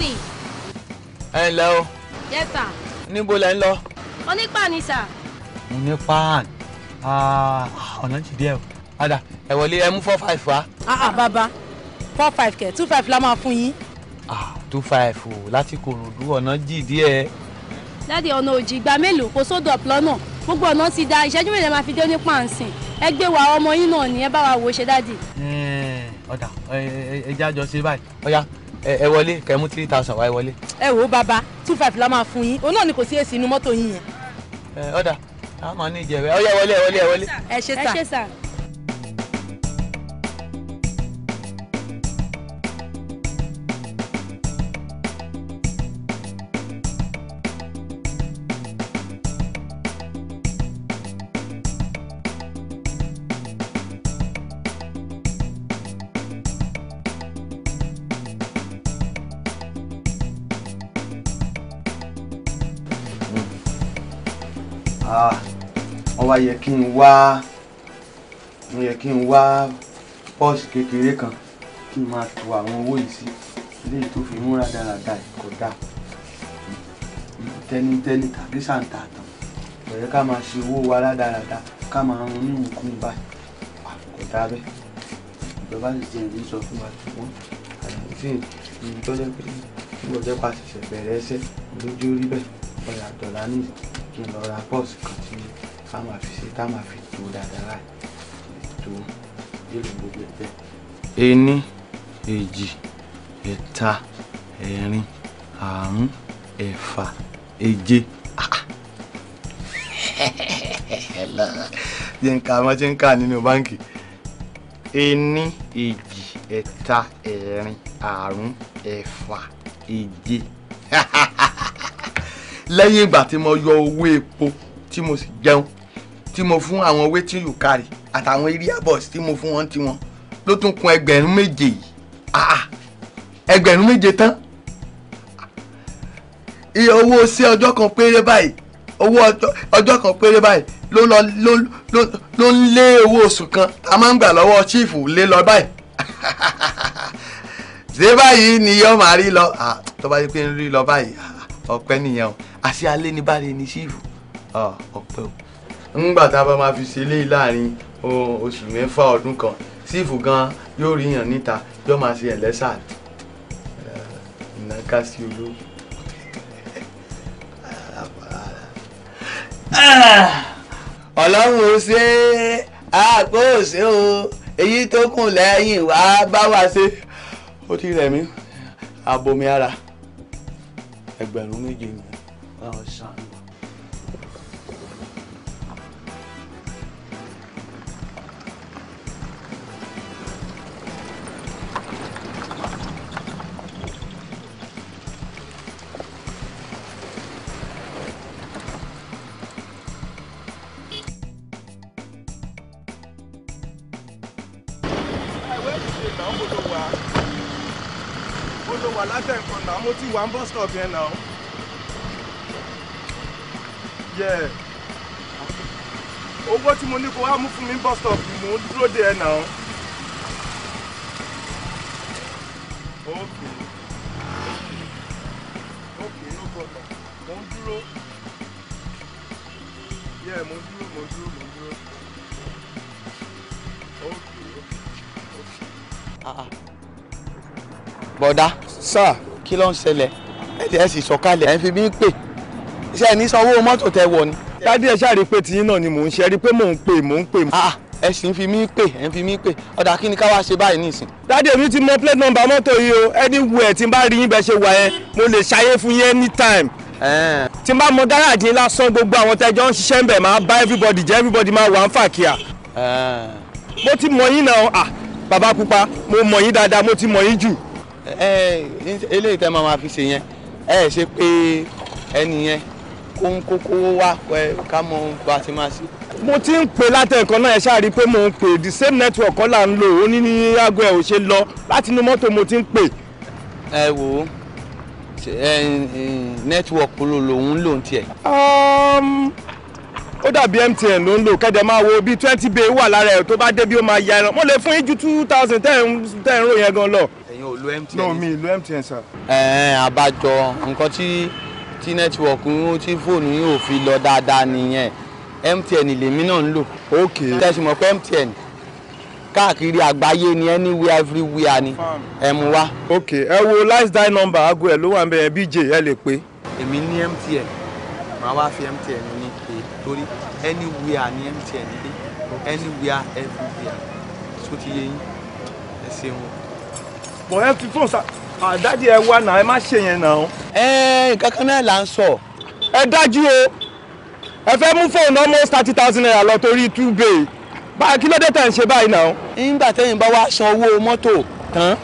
Calvin. ẹ ǹlẹ́ o. yes sir. níbo lẹ ń lọ. onípa ni sà. onípa ah, ọ̀nà jì díẹ̀ o. padà ẹ wọlé ẹ mú four five wá. ah ah, bàbá four five kẹ two five la máa fún yín. ah two five o láti Kòròdú ọ̀nà jì díẹ̀. dáàdi ọ̀nà òjì ìgbà mélòó kò sódò ọ̀pọ̀ náà gbogbo ọ̀nà ti da ìṣẹ́jú mélòó máa fi dé nípa ǹsìn ẹ gbé wa ọmọ yín náà ní ẹ bá wa wò ó ṣe dáàdi. ọ̀dà ẹ ẹ ṣe báyìí ọ̀ya ẹ wọlé kẹmú three thousand wáyé wọlé. ẹ wo bàbá two five la máa fún yín òun náà ni kò sí èsì inú mọ́tò yín yẹn. ẹ ọ̀dà táwọn máa ní ìjẹ̀rẹ̀ ọ̀yẹ́ wọlé wọlé wọlé. ẹ ṣé sà ẹ ṣé sà. wá yẹ kí n wá mo yẹ kí n wá pọ́ọ̀sì kékeré kan kí n máa tu àwọn owó yìí sí eléyìí tó fi múra dáradá kò dáa tẹnitẹni tàbí sàǹtà tán bẹ̀rẹ̀ ká máa ṣe owó wa rádaràda ká máa rún ní ìwùkún báyìí kò dáa bẹ́ẹ̀ ìjọba sì ti ẹ̀rí sọ fún wa ṣùgbọ́n àyànfín ibi tó jẹ́ pé níbo jẹ́ pa bẹ̀rẹ̀ ẹsẹ̀ lójú orí bẹ́ẹ̀ ọ̀yà dọ̀là ní kí pọ́ọ̀sì kan sí i ká máa fi ṣe ká máa fi tó dáadáa tó yẹlò gbogbo ẹ bẹ́ẹ̀. ení èjì ẹ̀ta ẹ̀rin àrún ẹ̀fà èje jẹ́ ń ka àmọ́ jẹ́ ń ka nínú báǹkì ení èjì ẹ̀ta ẹ̀rin àrún ẹ̀fà èje lẹ́yìn ìgbà tí mo yọ owó epo tí mo sì jẹun tí mo fún àwọn wetin you carry àtàwọn area boys tí mo fún wọn tiwọn ló tún kun ẹgbẹ̀rún méje yìí ah, ah. ẹgbẹ̀rún méje tán iye owó sí ọjọ́ kan péré báyìí owó ọjọ́ kan péré báyìí ló lọ ló ń lé owó oṣù kan tá a máa ń gbà lọ́wọ́ chiefu lé lọ báyìí ṣé báyìí ni yóò máa rí lọ ah, tó bá yẹ pé ń rí lọ báyìí ọpẹ́ nìyẹn o àṣé alẹ́ ní bá rí ni chiefu ọpẹ́ o ńgbà tá a bá máa fi ṣe eléyìí láàrin oṣù mẹ́fà ọdún kan sífù gan yóò rí yàn níta yóò máa ṣe ẹ̀lẹ́sà ìnáka sí olówó. ọlọ́run ó ṣe é àpò òṣè o èyí tó kù lẹ́yìn wá bá wa ṣe ó ti rẹ̀ mí abomi ara ẹgbẹ̀rún méje ni wọ́n ṣàn ẹ̀wẹ́ ìdílé náà mo ló wà mo ló wà látẹ̀kùn náà mo ti wà ń bọ́ stop yẹn náà. Yeah. Owó tí mo ní kó wá mú fún mi bọ́ stop mò dúró de ẹ náà. Okay. Okay, no problem. Mo ń dúró. Yeah, mo ń dúró, mo ń dúró, mo ń dúró. bọ̀dá. sá. kí ló ń ṣẹlẹ̀ ẹ sì sọ̀kalẹ̀ ẹ fi mí pè ṣé ẹ ní sanwó mọ́tò tẹ wọ̀ ni. dádì ẹ ṣáà rí i pé tiyín náà ni mò ń ṣe rí i pé mò ń pè mò ń pè. ẹ sì ń fi mí pè ẹ ń fi mí pè ọ̀dà kí ni ká wá ṣe báyìí nísìn. dádì èmi ti mọ plate number mọ́tò yìí o ẹni wù ẹ̀ tí n bá rí yín bẹ́ẹ̀ ṣe wà yẹn mo lè ṣayé fún yín anytime. tí n bá mọ gáràjì lásán gbogbo àwọn tẹjọ ń ṣiṣẹ́ ń bẹ̀ máa bá everybody jẹ́ everybody máa wà ń fà kíá. mo ti mọ yín náà bàbá pupa mo mọ̀ yín dáadáa mo ti mọ̀ yín jù. ẹ ẹ eléyìí tẹ́ máa ma fi ṣe yẹn ẹ ẹ ṣe pé ẹni yẹn kó ń kókó wá ká mọ bá a ti máa ṣe. mo ti ń pè látẹ̀kọ́ náà ẹ ṣáà rí i pé mo ń pè the same network kọ́ là ń lò ó ní ní aago ẹ̀ ò ṣe lọ láti inú mọ́tò mo ti ń pè. ẹ wò ó network ló lòun lòun tiẹ̀. Um, ó dàbí MTN ló ń lò kẹ́dẹ̀ máa wo bíi twenty bay wà lára ẹ̀ tó bá dé bí ó máa ya ẹran mo lè fún yín ju two thousand ten ten ro yẹn gan lọ. ẹ̀yin ò lo MTN. náà mi lo MTN sir. ẹ̀ẹ́n àbájọ nǹkan tí tí nẹ́tíwọ̀kì ń tí fóònù yìí ò fi lọ dáadáa nìyẹn MTN lèmi náà ń lò. ok tẹ̀sí mọ̀ pé MTN káàkiri àgbáyé ni anywhere everywhere ni ẹ mú wá. ok ẹ wo lice die number aago ẹ ló wà ń bẹ bj ẹ lè pé. èmi ní MTN màá wá fi MTN ní torí anywhere ni MTN dé anywhere everywhere tó ti yé yín ẹ ṣeun. bọ̀ ẹ fi fóònù sa àdájì ẹ wá náà ẹ má ṣe yẹn náà. ẹ nǹkan kan náà là ń sọ. ẹ dájú o ẹ fẹ́ mú fóònù almost thirty thousand naira lọ torí two bay báyìí kí ló dé tẹ̀ ń ṣe báyìí náà. nígbà tẹ́yìn bá wá san owó mọ́tò tán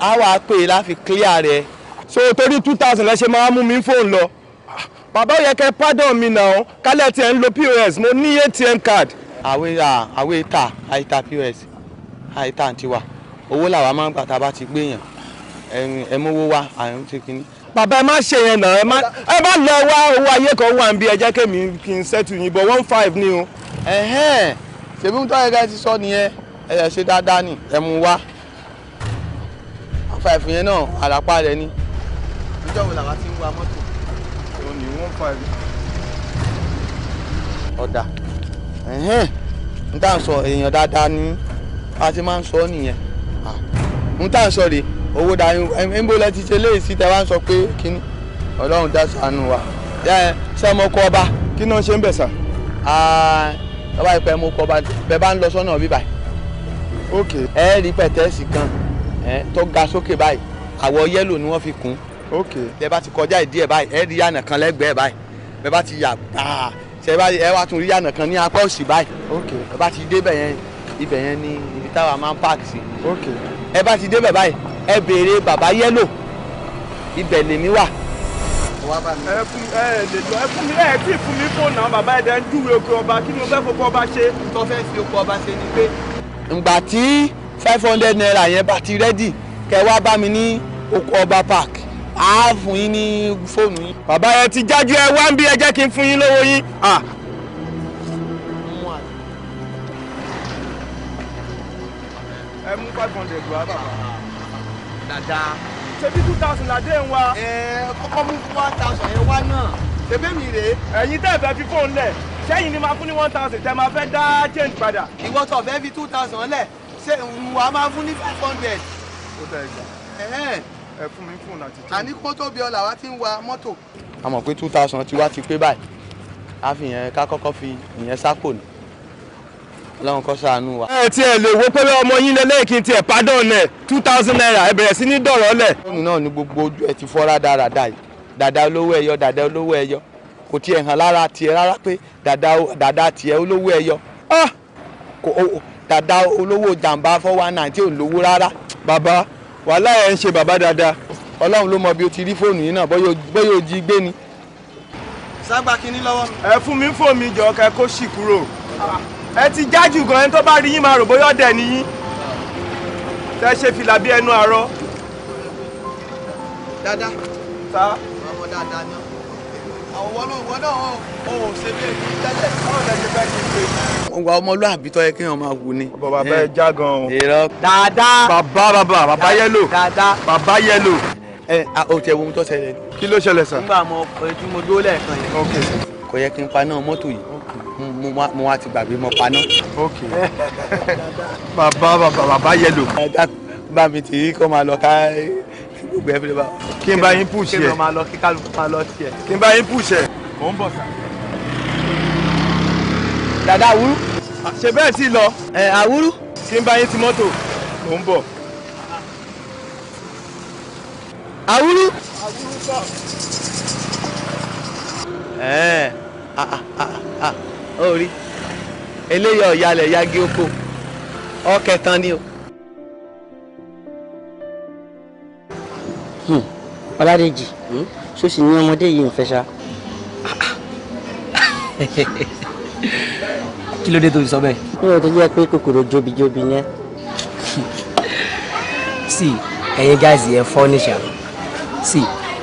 á wàá pè é láfi clear rẹ̀. so torí two thousand lẹ ṣe máa mú mi fóònù lọ bàbá yẹ kẹ́ pardon mi náà kálẹ̀ tiẹ̀ ń lo pos mo ní atm card. àwẹ̀ àwẹ̀ ìta àìta pos àìta àǹtí wa owó làwa máa ń gbà tá a bá ti gbé yàn ẹ mówó wá àrùn ti kíní. bàbá ẹ má ṣe yẹn náà ẹ má ẹ má lọ wá owó ayé kan wà ń bí ẹ jẹ́ kémi kí n ṣẹ́tù yín one five ni o. ẹ̀hẹ́n ṣèbí ń tọ́ ẹ̀ka ti sọ nìyẹn ẹ ṣe dáadáa ni ẹ mú wá five yẹn náà àràpá rẹ ni. ìjọba làwa ti ń wa mọ́tò five. ọ̀dà n tá à ń sọ èèyàn dáadáa ni a ti máa ń sọ ọ́ nìyẹn n tá à ń sọ rè owó dání ń bó lẹ́tí ṣe léyìí sí tẹ́wá ń sọ pé kíní ọlọ́run dá ṣàánú wa sẹ́mọ̀kọ ọba kí náà ṣe ń bẹ̀ sà. ọba ìpẹ́ mú kọ́ bẹ́ẹ̀ bá ń lọ sọ́nà bíbà ẹ pẹ̀tẹ́sì kan tó ga sókè báyìí àwọ̀ yẹ́lò ni wọ́n fi kùn ún tẹ bá ti kọjá ìdí ẹ báyìí ẹ rí yànà kan lẹ́gbẹ̀ẹ́ báyìí bẹ bá ti yà gbàá ṣe bá ẹ wá tún rí yànà kan ní apá òsì báyìí ẹ bá ti débẹ̀ yẹn ibẹ̀ yẹn ní ibi táwa máa ń páàkì sí ẹ bá ti débẹ̀ báyìí ẹ béèrè bàbá yẹ́lò ibẹ̀ lèmi wà. ẹ fún ẹ lè lọ ẹ fún mi ẹ tí fún mi fóònù àwọn bàbá ẹ̀dá ń júwe oko ọba kí ni mo fẹ́ fọkọ ọba ṣe. tó fẹ́ fi oko ọba ṣe ni pé. ǹgbà tí five hundred naira yẹn bá ti rẹ́dì kẹ wá bá mi ní oko ọba park á fún yín ní fóònù yín. bàbá yẹn ti jájú ẹ wá ń bí ẹ jẹ́ kí n fún yín lówó yín. ẹ mú five hundred wá bàbá. dáadáa. ṣebí two thousand ládé ń wa. ẹ kọ́kọ́ mú one thousand yẹn wá náà ṣebí mi rèé. ẹ̀yin tẹ́ ẹ fẹ́ fi fóònù lẹ̀ sẹ́yìn ni máa fún ní one thousand tẹ́ máa fẹ́ dá change padà. ìwọ tó fẹ́ fi two thousand lẹ̀ ṣé wàá máa fún ní five hundred. ó tẹ̀ ẹ́ gbà ẹ fún mi fóònù àti change. àní kó tó bí ọlà wa ti ń wa mọ́tò. a mọ̀ pé two thousand tiwa ti pé báyìí a fi yẹn ká kọ́kọ́ fi ìyẹn sápò ni ọlọ́run kó ṣàánú wa. ẹ tiẹ̀ lè wo pé ọmọ yín lẹ lẹ́yìn kí n tiẹ̀ pádàn nẹ̀ two thousand naira ẹ bẹ̀rẹ̀ sí ní dọ̀rọ̀ lẹ̀. fóònù náà ni gbogbo ojú ẹ ti fọ́ rádaràda yìí dàdá olówó ẹyọ dàdá olówó ẹyọ kò tiẹ̀ hàn lára tiẹ̀ rárá pé dàdá tiẹ̀ olówó ẹyọ ah! dàdá olówó jàǹbá four one nine tí ò lówó rárá. Baba wàhálà ẹ̀ ń ṣe bàbá dáadáa ọlọ́run ló mọ bí o ti rí fóònù yìí náà bọ́yọ̀ ojí gbé ni. sábà kínní lọ́wọ́. ẹ fún mi fóònù mi jọ kẹ kó sì kúrò ẹ ti jájú gan ẹni tó bá rí yín máa rò bóyá ọ̀dẹ̀ ni yín tẹ ṣe fìlà bí ẹnu àárọ̀. dáadáa. sá. ọmọ dáadáa ni àwọn ọgbà ọmọlúàbí tó yẹ kí wọn máa wù ni. bàbá bẹ já o. èrò dáadáa. bàbá bàbá bàbá yẹlò. dáadáa. bàbá yẹlò. ẹ o tẹ ohun tó ṣẹlẹ̀. kí ló ṣẹlẹ̀ sà. nígbà mo ojú mo dúró lẹ́ẹ̀kan yẹn. kò yẹ kí n paná mọ́tò yìí mo wá ti gbàgbé mo paná. bàbá bàbá bàbá yẹlò. bá mi tì í máa lọ ká gbẹ fi lè bá. kí n bá yín push ẹ. kí n máa lọ kí kálukú máa lọ tiẹ̀. kí n bá yín push ẹ. mò ń bọ̀ sá. dàdá àwúrú. ṣe bẹ́ẹ̀ sì lọ. ẹ àwúrú. kí n bá yín ti mọ́tò. mò ń bọ̀. àwúrú. àwúrú bọ̀. ẹ ẹ orí eléyà ọ̀yàlẹ̀ yagi oko ọkẹtàn ni o. ọládèjì hmm? ṣó sì ní ọmọdé yìí ń fẹ́ ṣá. kí ló dé tó fi sọ bẹ́ẹ̀. mi ò tó jẹ́ pé kòkòrò jobijobi ni ẹ́. sí ẹ̀yin guys yẹn fọ́nìṣà sí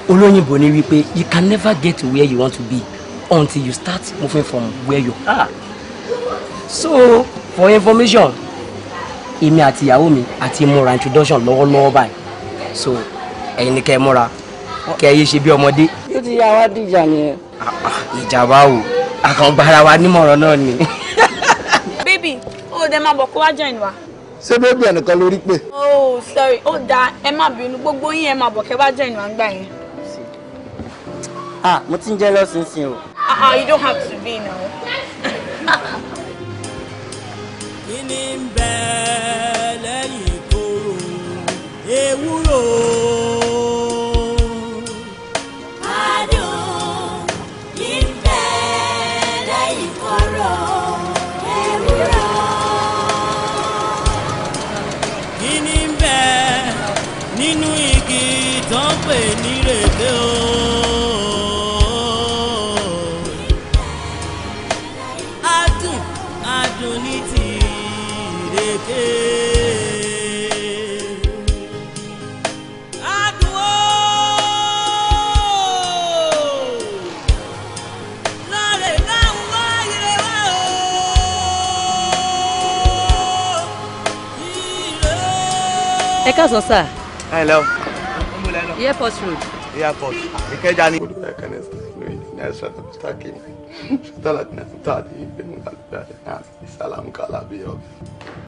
olóyìnbó ni wípé you can never get to where you want to be until you start moving from where you are. so for information èmi àti ìyàwó mi àti múra introduction lọ́wọ́lọ́wọ́ báyìí so ẹ̀yin ni kẹ́ ẹ múra kẹ́ ẹ yé ṣe bí ọmọdé. yóò ti yá wá dìjà nìyẹn. Ah, ah, ìjà o àkàngbára wa nímọ̀ràn náà ni. bébì ó dẹ máa bọ̀ kó wá join wa. ṣé bébì ẹnìkan lórí pé. oh sorry ó dáa ẹ má bínú gbogbo yín ẹ máa bọ̀ kẹ́ wá join wa ńgbà yẹn. ah mo ti ń jẹ́ lọ́sìnsìn o. Ah, ah you don't have to be now. kí ni bẹ́ẹ̀. nínú igi tó ń pè ní rèké o. adùn adùn ní ti rèké. ẹ káàsán sáà. Hello. lẹ o. airport road. airport ìkẹjà ni.